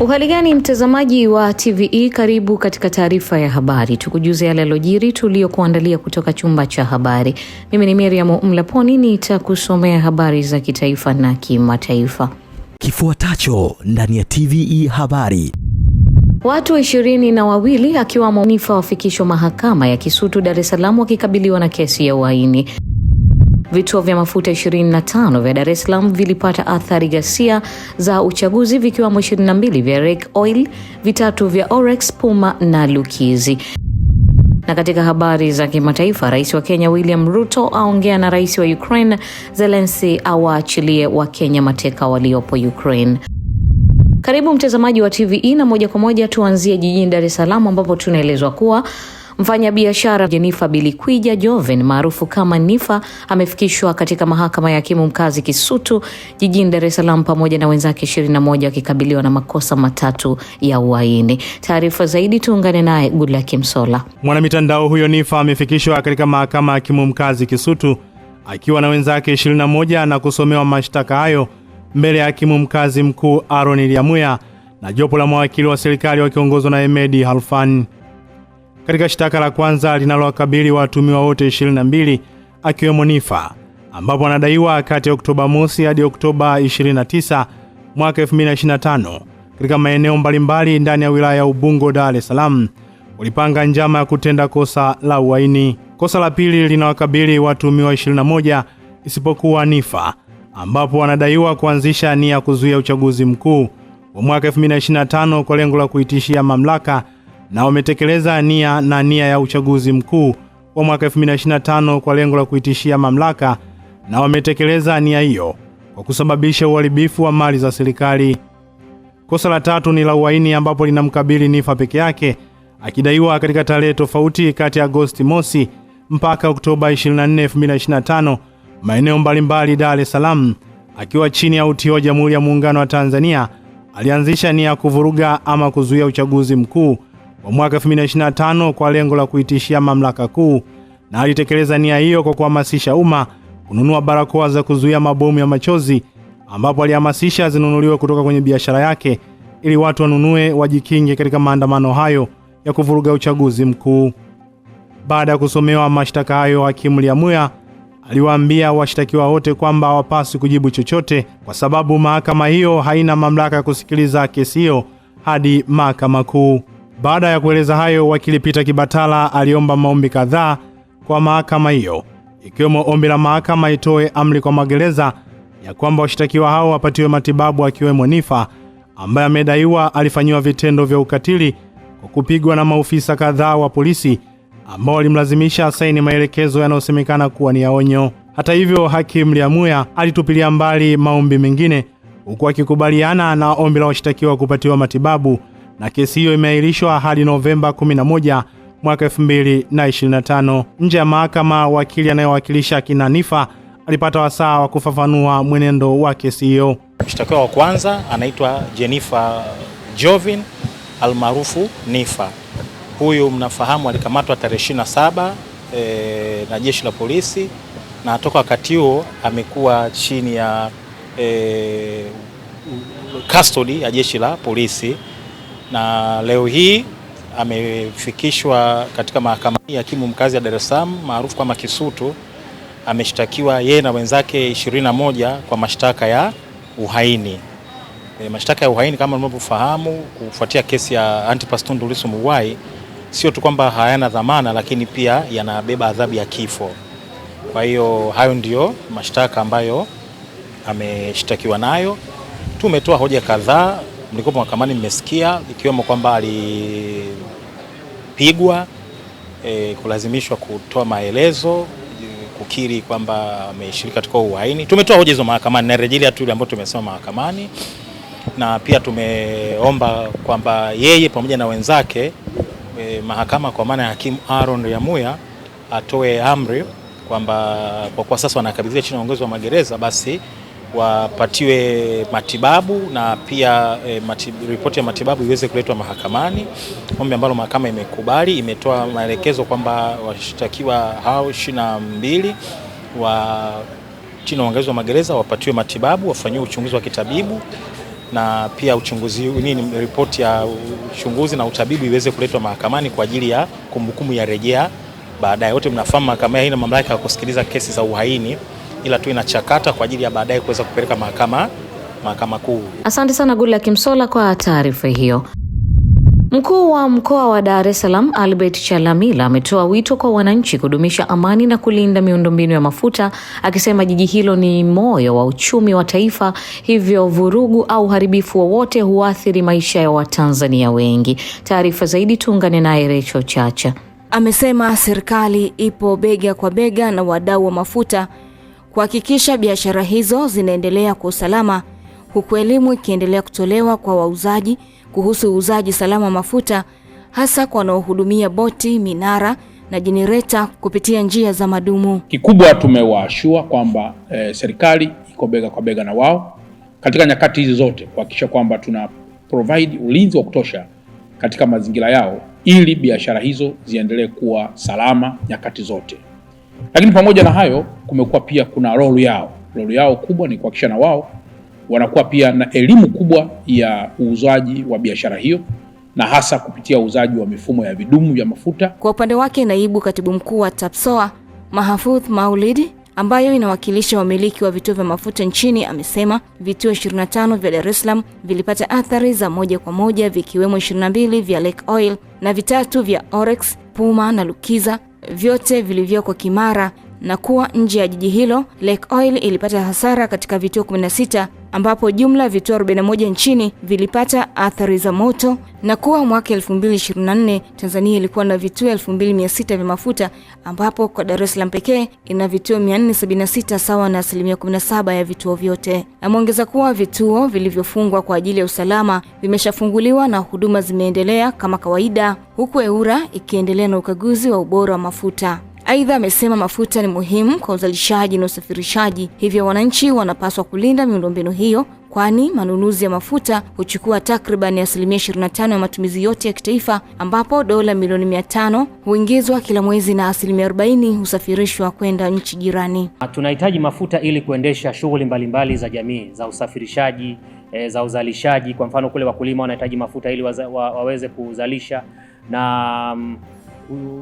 Uhali gani mtazamaji wa TVE, karibu katika taarifa ya habari, tukujuze yale yalojiri tuliyokuandalia kutoka chumba cha habari. Mimi ni Miriam Mlaponi, nitakusomea habari za kitaifa na kimataifa kifuatacho ndani ya TVE habari. Watu ishirini na wawili akiwamo Niffer wafikishwa mahakama ya Kisutu Dar es Salaam wakikabiliwa na kesi ya uhaini. Vituo vya mafuta 25 vya Dar es Salaam vilipata athari ghasia za uchaguzi vikiwamo 22 vya Rek Oil, vitatu vya Orex, Puma na Lukizi. Na katika habari za kimataifa, rais wa Kenya William Ruto aongea na rais wa Ukraine Zelensi awaachilie Wakenya mateka waliopo Ukraine. Karibu mtazamaji wa TVE na moja kwa moja tuanzie jijini Dar es Salaam ambapo tunaelezwa kuwa Mfanyabiashara Jenifa Bilikwija Joven maarufu kama Nifa amefikishwa katika mahakama ya hakimu mkazi Kisutu jijini Dar es Salaam pamoja na wenzake 21 wakikabiliwa na makosa matatu ya uhaini. Taarifa zaidi tuungane naye Goodluck Msola. Mwanamitandao huyo Nifa amefikishwa katika mahakama ya hakimu mkazi Kisutu akiwa na wenzake 21 na kusomewa mashtaka hayo mbele ya hakimu mkazi mkuu Aaron Lyamuya na jopo la mawakili wa serikali wakiongozwa na emedi Halfan katika shtaka la kwanza linalowakabili watuhumiwa wote 22 akiwemo Nifa ambapo anadaiwa kati ya Oktoba mosi hadi Oktoba 29 mwaka 2025 katika maeneo mbalimbali ndani ya wilaya ya Ubungo, Dar es Salaam ulipanga njama ya kutenda kosa la uaini Kosa la pili linawakabili watumiwa 21 isipokuwa Nifa ambapo wanadaiwa kuanzisha nia ya kuzuia uchaguzi mkuu wa mwaka 2025 kwa lengo la kuitishia mamlaka na wametekeleza nia na nia ya uchaguzi mkuu wa mwaka 2025 kwa lengo la kuitishia mamlaka, na wametekeleza nia hiyo kwa kusababisha uharibifu wa mali za serikali. Kosa la tatu ni la uhaini ambapo linamkabili Niffer peke yake akidaiwa katika tarehe tofauti kati ya Agosti mosi mpaka Oktoba 24, 2025 maeneo mbalimbali Dar es Salaam akiwa chini ya utii wa Jamhuri ya Muungano wa Tanzania alianzisha nia ya kuvuruga ama kuzuia uchaguzi mkuu wa mwaka 2025 kwa lengo la kuitishia mamlaka kuu, na alitekeleza nia hiyo kwa kuhamasisha umma kununua barakoa za kuzuia mabomu ya machozi, ambapo alihamasisha zinunuliwe kutoka kwenye biashara yake ili watu wanunue wajikinge katika maandamano hayo ya kuvuruga uchaguzi mkuu. Baada ya kusomewa mashtaka hayo, hakimu Lyamuya aliwaambia washtakiwa wote kwamba hawapaswi kujibu chochote kwa sababu mahakama hiyo haina mamlaka ya kusikiliza kesi hiyo hadi mahakama kuu. Baada ya kueleza hayo, wakili Peter Kibatala aliomba maombi kadhaa kwa mahakama hiyo, ikiwemo ombi la mahakama itoe amri kwa magereza ya kwamba washtakiwa hao wapatiwe matibabu, akiwemo Nifa ambaye amedaiwa alifanyiwa vitendo vya ukatili kwa kupigwa na maofisa kadhaa wa polisi ambao walimlazimisha saini maelekezo yanayosemekana kuwa ni ya onyo. Hata hivyo, hakimu liamuya alitupilia mbali maombi mengine huku akikubaliana na ombi la washtakiwa kupatiwa matibabu na kesi hiyo imeahirishwa hadi Novemba 11 mwaka 2025. Nje ya mahakama, wakili anayewakilisha kina Nifa alipata wasaa wa kufafanua mwenendo wa kesi hiyo. Mshtakiwa wa kwanza anaitwa Jennifer Jovin almaarufu Nifa. Huyu mnafahamu alikamatwa tarehe 27 e, na jeshi la polisi na toka wakati huo amekuwa chini ya e, custody ya jeshi la polisi na leo hii amefikishwa katika mahakama ya hakimu mkazi ya Dar es Salaam maarufu kama Kisutu. Ameshtakiwa yeye na wenzake 21 kwa mashtaka ya uhaini. E, mashtaka ya uhaini kama mnavyofahamu, kufuatia kesi ya Antipas Tundu Lissu Mughwai, sio tu kwamba hayana dhamana, lakini pia yanabeba adhabu ya kifo. Kwa hiyo hayo ndiyo mashtaka ambayo ameshtakiwa nayo. Tumetoa hoja kadhaa mlikuwa mahakamani, mmesikia ikiwemo kwamba alipigwa e, kulazimishwa kutoa maelezo kukiri kwamba ameshirika katika uhaini. Tumetoa hoja hizo mahakamani na tu ile ambayo tumesema mahakamani, na pia tumeomba kwamba yeye pamoja na wenzake e, mahakama kwa maana ya hakimu Aaron Yamuya atoe amri kwamba kwa kuwa sasa wanakabidhiwa chini ya uongozi wa magereza basi wapatiwe matibabu na pia e, mati, ripoti ya matibabu iweze kuletwa mahakamani, ombi ambalo mahakama imekubali. Imetoa maelekezo kwamba washtakiwa hao ishirini na mbili wa chini uangalizi wa magereza wapatiwe matibabu, wafanyiwe uchunguzi wa kitabibu na pia uchunguzi nini, ripoti ya uchunguzi na utabibu iweze kuletwa mahakamani kwa ajili ya kumbukumbu ya rejea baadaye. Wote mnafahamu mahakama haina mamlaka ya kusikiliza kesi za uhaini ila tu inachakata kwa ajili ya baadaye kuweza kupeleka mahakama mahakama kuu. Asante sana Goodluck Kimsola kwa taarifa hiyo. Mkuu wa mkoa wa Dar es Salaam Albert Chalamila ametoa wito kwa wananchi kudumisha amani na kulinda miundombinu ya mafuta, akisema jiji hilo ni moyo wa uchumi wa taifa, hivyo vurugu au uharibifu wowote huathiri maisha ya Watanzania wengi. Taarifa zaidi tuungane naye Recho Chacha. Amesema serikali ipo bega kwa bega na wadau wa mafuta kuhakikisha biashara hizo zinaendelea kwa usalama, huku elimu ikiendelea kutolewa kwa wauzaji kuhusu uuzaji salama mafuta, hasa kwa wanaohudumia boti, minara na jenereta kupitia njia za madumu. Kikubwa tumewaashua kwamba e, serikali iko bega kwa bega na wao katika nyakati hizi zote kuhakikisha kwamba tuna provide ulinzi wa kutosha katika mazingira yao ili biashara hizo ziendelee kuwa salama nyakati zote. Lakini pamoja na hayo, kumekuwa pia kuna rolu yao, rolu yao kubwa ni kuhakikisha na wao wanakuwa pia na elimu kubwa ya uuzaji wa biashara hiyo na hasa kupitia uuzaji wa mifumo ya vidumu vya mafuta. Kwa upande wake, naibu katibu mkuu wa Tapsoa mahfudh Maulidi ambayo inawakilisha wamiliki wa vituo vya mafuta nchini amesema vituo 25 vya Dar es Salaam vilipata athari za moja kwa moja vikiwemo 22 vya Lake Oil na vitatu vya Orex, Puma na Lukiza vyote vilivyoko Kimara na kuwa nje ya jiji hilo, Lake Oil ilipata hasara katika vituo 16 ambapo jumla ya vituo 41 nchini vilipata athari za moto, na kuwa mwaka 2024 Tanzania ilikuwa na vituo 2600 vya mafuta ambapo kwa Dar es Salaam pekee ina vituo 476 sawa na asilimia 17 ya vituo vyote. Ameongeza kuwa vituo vilivyofungwa kwa ajili ya usalama vimeshafunguliwa na huduma zimeendelea kama kawaida, huku EWURA ikiendelea na ukaguzi wa ubora wa mafuta. Aidha, amesema mafuta ni muhimu kwa uzalishaji na usafirishaji, hivyo wananchi wanapaswa kulinda miundombinu hiyo kwani manunuzi ya mafuta huchukua takriban asilimia 25 ya matumizi yote ya kitaifa, ambapo dola milioni 500 huingizwa kila mwezi na asilimia 40 husafirishwa kwenda nchi jirani. Tunahitaji mafuta ili kuendesha shughuli mbalimbali za jamii za usafirishaji, e, za uzalishaji. Kwa mfano kule wakulima wanahitaji mafuta ili waza, wa, waweze kuzalisha na mm,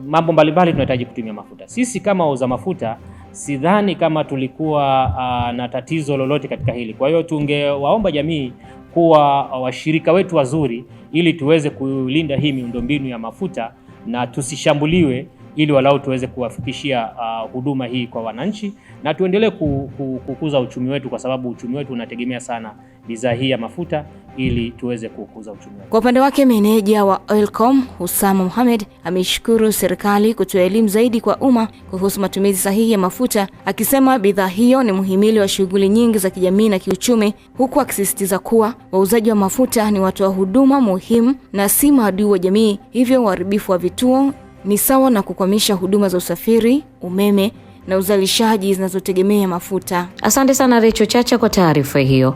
mambo mbalimbali tunahitaji kutumia mafuta. Sisi kama wauza mafuta sidhani kama tulikuwa uh, na tatizo lolote katika hili. Kwa hiyo tungewaomba jamii kuwa washirika wetu wazuri, ili tuweze kulinda hii miundombinu ya mafuta na tusishambuliwe ili walau tuweze kuwafikishia uh, huduma hii kwa wananchi na tuendelee ku, ku, kukuza uchumi wetu, kwa sababu uchumi wetu unategemea sana bidhaa hii ya mafuta ili tuweze kukuza uchumi wetu. Kwa upande wake, meneja wa Oilcom Husama Mohamed ameishukuru serikali kutoa elimu zaidi kwa umma kuhusu matumizi sahihi ya mafuta, akisema bidhaa hiyo ni muhimili wa shughuli nyingi za kijamii na kiuchumi, huku akisisitiza kuwa wauzaji wa mafuta ni watoa huduma muhimu na si maadui wa jamii, hivyo uharibifu wa vituo ni sawa na kukwamisha huduma za usafiri, umeme na uzalishaji zinazotegemea mafuta. Asante sana Recho Chacha kwa taarifa hiyo.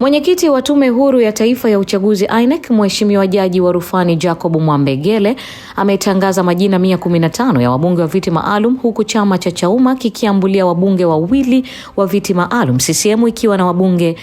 Mwenyekiti wa Tume Huru ya Taifa ya Uchaguzi INEC, Mheshimiwa Jaji wa Rufani Jacob Mwambegele ametangaza majina 115 ya wabunge wa viti maalum huku chama cha Chauma kikiambulia wabunge wawili wa viti maalum, CCM ikiwa na wabunge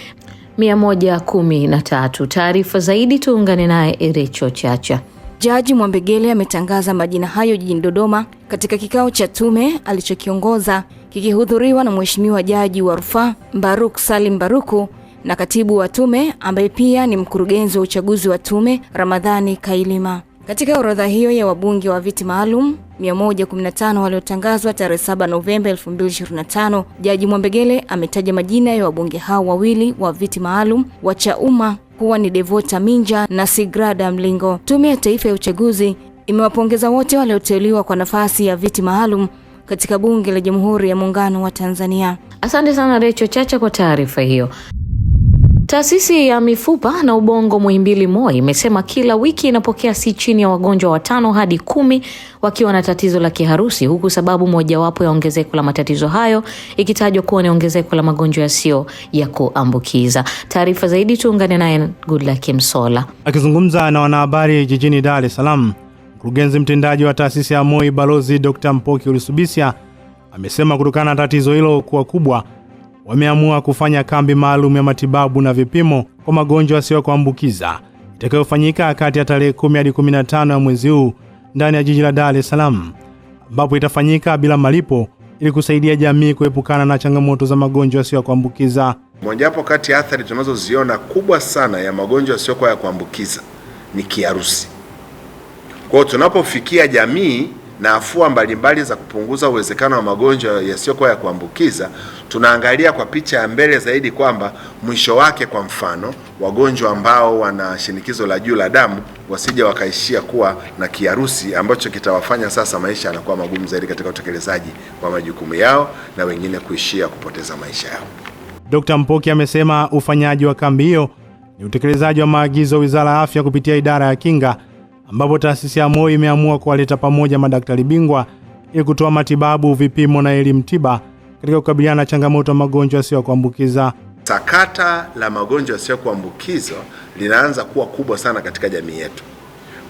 113. Taarifa zaidi tuungane naye Erecho Chacha. Jaji Mwambegele ametangaza majina hayo jijini Dodoma katika kikao cha tume alichokiongoza kikihudhuriwa na Mheshimiwa Jaji wa Rufaa Mbaruk Salim Baruku na katibu wa tume ambaye pia ni mkurugenzi wa uchaguzi wa tume Ramadhani Kailima. Katika orodha hiyo ya wabunge wa viti maalum 115 waliotangazwa tarehe 7 Novemba 2025, Jaji Mwambegele ametaja majina ya wabunge hao wawili wa viti maalum wa Chauma kuwa ni Devota Minja na Sigrada Mlingo. Tume ya Taifa ya Uchaguzi imewapongeza wote walioteuliwa kwa nafasi ya viti maalum katika Bunge la Jamhuri ya Muungano wa Tanzania. Asante sana Recho Chacha kwa taarifa hiyo. Taasisi ya mifupa na ubongo Muhimbili MOI imesema kila wiki inapokea si chini ya wagonjwa watano hadi kumi wakiwa na tatizo la kiharusi, huku sababu mojawapo ya ongezeko la matatizo hayo ikitajwa kuwa ni ongezeko la magonjwa yasiyo ya kuambukiza. Taarifa zaidi tuungane naye Goodluck Msola. Akizungumza na wanahabari jijini Dar es Salaam, mkurugenzi mtendaji wa taasisi ya MOI Balozi Dr. Mpoki Ulisubisya amesema kutokana na tatizo hilo kuwa kubwa wameamua kufanya kambi maalum ya matibabu na vipimo kwa magonjwa yasiyokuambukiza itakayofanyika kati ya tarehe 10 hadi 15 ya mwezi huu ndani ya jiji la Dar es Salaam, ambapo itafanyika bila malipo ili kusaidia jamii kuepukana na changamoto za magonjwa yasiyokuambukiza. Mojawapo kati ya athari tunazoziona kubwa sana ya magonjwa yasiyokuwa ya kuambukiza ni kiharusi. Kwa hiyo tunapofikia jamii na afua mbalimbali za kupunguza uwezekano wa magonjwa yasiyokuwa ya kuambukiza, tunaangalia kwa picha ya mbele zaidi kwamba mwisho wake, kwa mfano, wagonjwa ambao wana shinikizo la juu la damu wasije wakaishia kuwa na kiharusi ambacho kitawafanya sasa maisha yanakuwa magumu zaidi katika utekelezaji wa majukumu yao na wengine kuishia kupoteza maisha yao. Dkt. Mpoki amesema ufanyaji wa kambi hiyo ni utekelezaji wa maagizo Wizara ya Afya kupitia Idara ya Kinga ambapo taasisi ya MOI imeamua kuwaleta pamoja madaktari bingwa ili kutoa matibabu, vipimo na elimu tiba katika kukabiliana na changamoto ya magonjwa kuambukiza. Sakata la magonjwa yasiyokuambukizwa linaanza kuwa kubwa sana katika jamii yetu.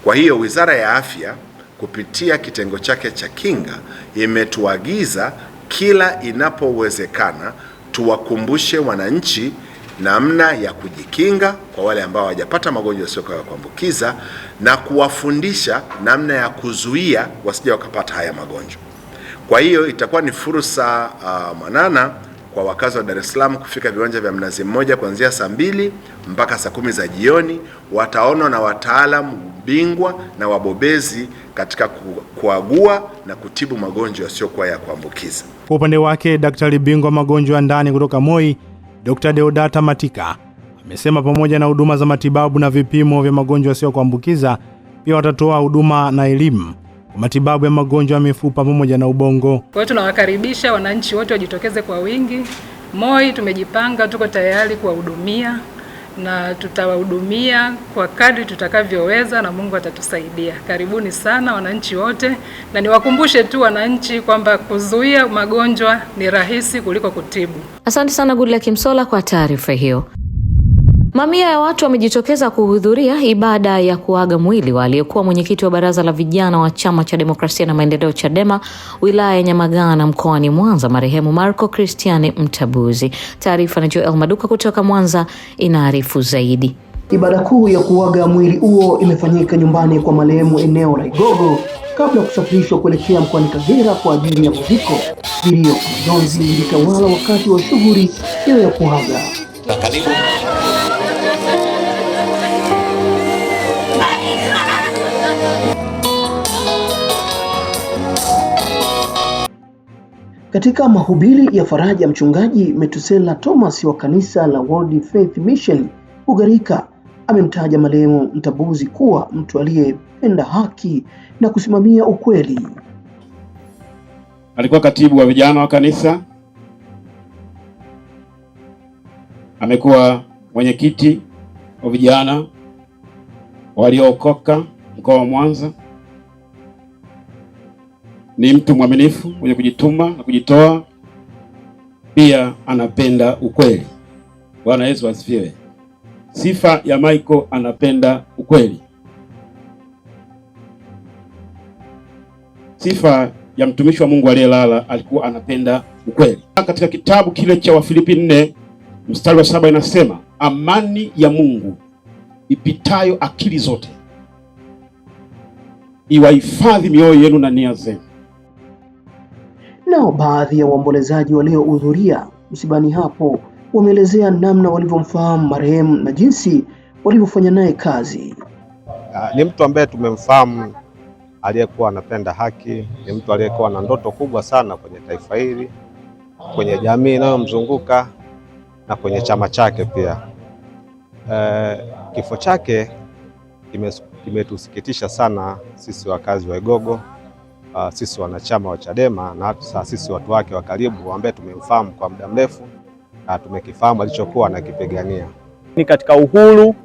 Kwa hiyo Wizara ya Afya kupitia kitengo chake cha kinga imetuagiza kila inapowezekana tuwakumbushe wananchi namna ya kujikinga kwa wale ambao hawajapata magonjwa yasiyokuwa ya kuambukiza na kuwafundisha namna ya kuzuia wasije wakapata haya magonjwa. Kwa hiyo itakuwa ni fursa uh, mwanana kwa wakazi wa Dar es Salaam kufika viwanja vya Mnazi Mmoja kuanzia saa mbili mpaka saa kumi za jioni. Wataonwa na wataalamu bingwa na wabobezi katika kuagua na kutibu magonjwa yasiyokuwa ya kuambukiza. Kwa upande wake, daktari bingwa magonjwa ndani kutoka MOI Dr. Deodata Matika amesema pamoja na huduma za matibabu na vipimo vya magonjwa yasiyokuambukiza pia watatoa huduma na elimu kwa matibabu ya magonjwa ya mifupa pamoja na ubongo. Kwa hiyo tunawakaribisha wananchi wote wajitokeze kwa wingi. MOI tumejipanga, tuko tayari kuwahudumia na tutawahudumia kwa kadri tutakavyoweza na Mungu atatusaidia. Karibuni sana wananchi wote, na niwakumbushe tu wananchi kwamba kuzuia magonjwa ni rahisi kuliko kutibu. Asante sana Goodluck Msolla kwa taarifa hiyo. Mamia ya watu wamejitokeza kuhudhuria ibada ya kuaga mwili wa aliyekuwa mwenyekiti wa baraza la vijana wa chama cha demokrasia na maendeleo CHADEMA wilaya ya Nyamagana mkoani Mwanza, marehemu Marco Christian Mtabuzi. Taarifa na Joel Maduka kutoka Mwanza inaarifu zaidi. Ibada kuu ya kuaga mwili huo imefanyika nyumbani kwa marehemu eneo la Igogo kabla ya kusafirishwa kuelekea mkoani Kagera kwa ajili ya maziko. Vilio majonzi ilitawala wakati wa shughuli hiyo ya kuaga. Katika mahubiri ya faraja, Mchungaji Metusela Thomas wa kanisa la World Faith Mission Ugarika amemtaja marehemu mtabuzi kuwa mtu aliyependa haki na kusimamia ukweli. Alikuwa katibu wa vijana wa kanisa, amekuwa mwenyekiti wa vijana waliookoka mkoa wa Mwanza ni mtu mwaminifu mwenye kujituma na kujitoa, pia anapenda ukweli. Bwana Yesu asifiwe. Sifa ya Michael, anapenda ukweli. Sifa ya mtumishi wa Mungu aliyelala alikuwa anapenda ukweli. Katika kitabu kile cha Wafilipi 4 mstari wa saba inasema amani ya Mungu ipitayo akili zote iwahifadhi mioyo yenu na nia zenu Nao baadhi ya waombolezaji waliohudhuria msibani hapo wameelezea namna walivyomfahamu marehemu na jinsi walivyofanya naye kazi. Ah, ni mtu ambaye tumemfahamu, aliyekuwa anapenda haki, ni mtu aliyekuwa na ndoto kubwa sana kwenye taifa hili, kwenye jamii inayomzunguka na kwenye chama chake pia. Uh, kifo chake kimetusikitisha sana sisi wakazi wa Igogo uh, sisi wanachama wa Chadema na hata sisi watu wake wa karibu ambaye tumemfahamu kwa muda mrefu na tumekifahamu alichokuwa anakipigania ni katika uhuru,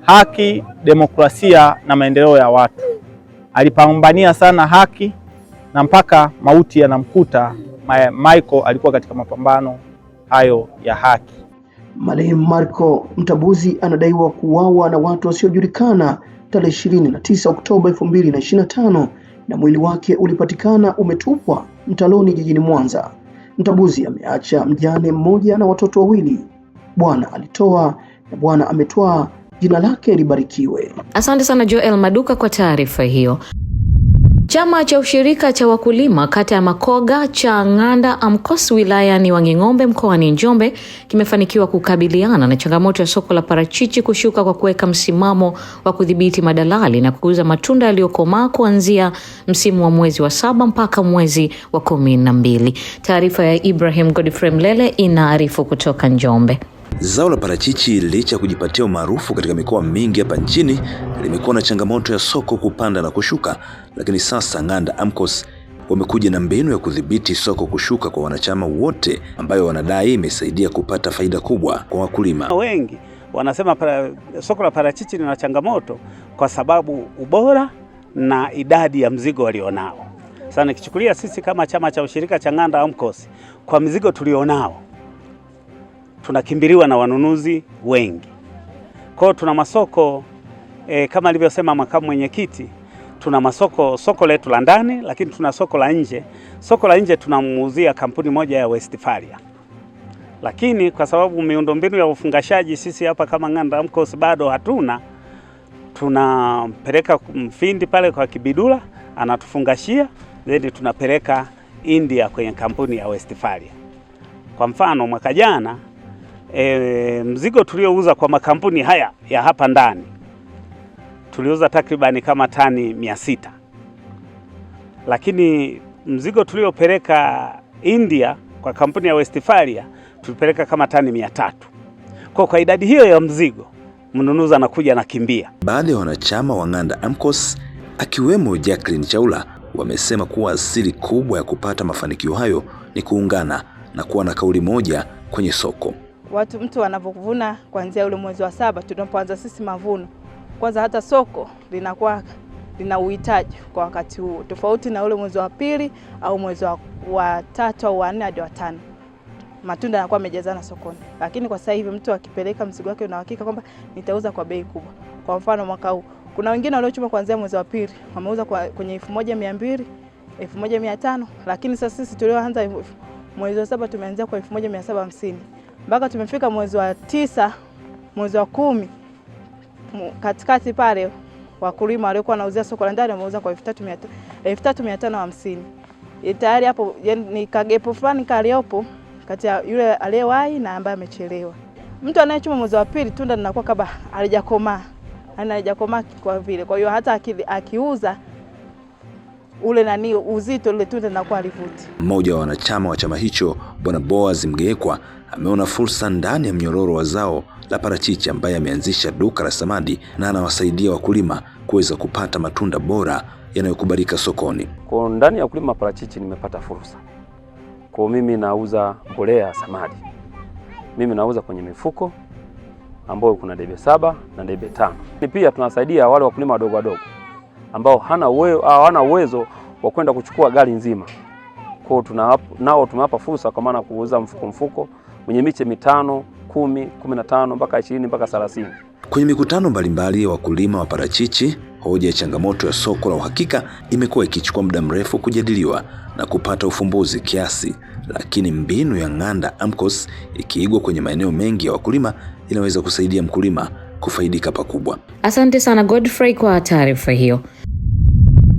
haki, demokrasia na maendeleo ya watu. Alipambania sana haki na mpaka mauti yanamkuta. Michael alikuwa katika mapambano hayo ya haki. Marehemu Marco Mtabuzi anadaiwa kuuawa na watu wasiojulikana tarehe 29 Oktoba 2025 na mwili wake ulipatikana umetupwa mtaloni jijini Mwanza. mtabuzi ameacha mjane mmoja na watoto wawili. Bwana alitoa na Bwana ametwaa, jina lake libarikiwe. Asante sana Joel Maduka kwa taarifa hiyo. Chama cha ushirika cha wakulima kata ya Makoga cha Ng'anda AMCOS wilayani Wanging'ombe mkoani Njombe kimefanikiwa kukabiliana na changamoto ya soko la parachichi kushuka kwa kuweka msimamo wa kudhibiti madalali na kuuza matunda yaliyokomaa kuanzia msimu wa mwezi wa saba mpaka mwezi wa kumi na mbili. Taarifa ya Ibrahim Godfrey Mlele inaarifu kutoka Njombe. Zao la parachichi licha ya kujipatia umaarufu katika mikoa mingi hapa nchini, limekuwa na changamoto ya soko kupanda na kushuka, lakini sasa Ng'anda AMCOS wamekuja na mbinu ya kudhibiti soko kushuka kwa wanachama wote, ambayo wanadai imesaidia kupata faida kubwa kwa wakulima wengi. Wanasema para, soko la parachichi lina changamoto kwa sababu ubora na idadi ya mzigo walionao. Sasa nikichukulia sisi kama chama cha ushirika cha Ng'anda AMCOS kwa mzigo tulionao tunakimbiliwa na wanunuzi wengi. Kwa hiyo tuna masoko e, kama alivyosema makamu mwenyekiti, tuna masoko, soko letu la ndani, lakini tuna soko la nje. Soko la nje tunamuuzia kampuni moja ya Westfalia, lakini kwa sababu miundombinu ya ufungashaji sisi hapa kama Ng'anda AMCOS bado hatuna, tunampeleka Mfindi pale kwa Kibidula anatufungashia, then tunapeleka India kwenye kampuni ya Westfalia. Kwa mfano mwaka jana e, mzigo tuliouza kwa makampuni haya ya hapa ndani tuliuza takribani kama tani mia sita, lakini mzigo tuliopeleka India kwa kampuni ya Westfalia tulipeleka kama tani mia tatu. Kwa kwa idadi hiyo ya mzigo mnunuzi anakuja anakimbia. Baadhi ya wanachama wa Ng'anda AMCOS akiwemo Jacqueline Chaula wamesema kuwa asili kubwa ya kupata mafanikio hayo ni kuungana na kuwa na kauli moja kwenye soko watu mtu wanavyovuna kuanzia ule mwezi wa saba tunapoanza sisi mavuno. Kwanza hata soko linakuwa lina uhitaji kwa wakati huo, tofauti na ule mwezi wa pili au mwezi wa, tatu au wa nne hadi wa tano matunda yanakuwa yamejazana sokoni. Lakini kwa sasa hivi mtu akipeleka mzigo wake una uhakika kwamba nitauza kwa bei kubwa. Kwa mfano mwaka huu kuna wengine waliochuma kuanzia mwezi wa pili wameuza kwa kwenye 1200 1500, lakini sasa sisi tulioanza mwezi wa saba tumeanzia kwa 1750 mpaka tumefika mwezi wa tisa, mwezi wa kumi katikati pale wakulima waliokuwa wanauzia soko la ndani wameuza kwa elfu tatu mia tano hamsini e, tayari hapo ni kagepo fulani kaliopo kati ya yule aliyewahi na ambaye amechelewa. Mtu anayechuma mwezi wa pili tunda linakuwa kama alijakomaa yaani halijakomaa kwa vile, kwa hiyo hata aki, akiuza ule nani uzito lile tunda linakuwa alivuti. Mmoja wa wanachama wa chama hicho Bwana Boaz Mgeekwa ameona fursa ndani ya mnyororo wa zao la parachichi, ambaye ameanzisha duka la samadi na anawasaidia wakulima kuweza kupata matunda bora yanayokubalika sokoni. Kwa ndani ya kulima parachichi nimepata fursa kwa mimi, nauza mbolea ya samadi, mimi nauza kwenye mifuko ambayo kuna debe saba na debe tano. Ni pia tunasaidia wale wakulima wadogo wadogo ambao hana uwezo, hawana uwezo wa kwenda kuchukua gari nzima. Kwa nao tumewapa fursa kwa maana kuuza mfuko mfuko mwenye miche mitano, kumi, kumi na tano mpaka ishirini mpaka thelathini. Kwenye mikutano mbalimbali ya wakulima wa parachichi, hoja ya changamoto ya soko la uhakika imekuwa ikichukua muda mrefu kujadiliwa na kupata ufumbuzi kiasi, lakini mbinu ya Ng'anda AMCOS ikiigwa kwenye maeneo mengi ya wakulima inaweza kusaidia mkulima kufaidika pakubwa. Asante sana Godfrey kwa taarifa hiyo.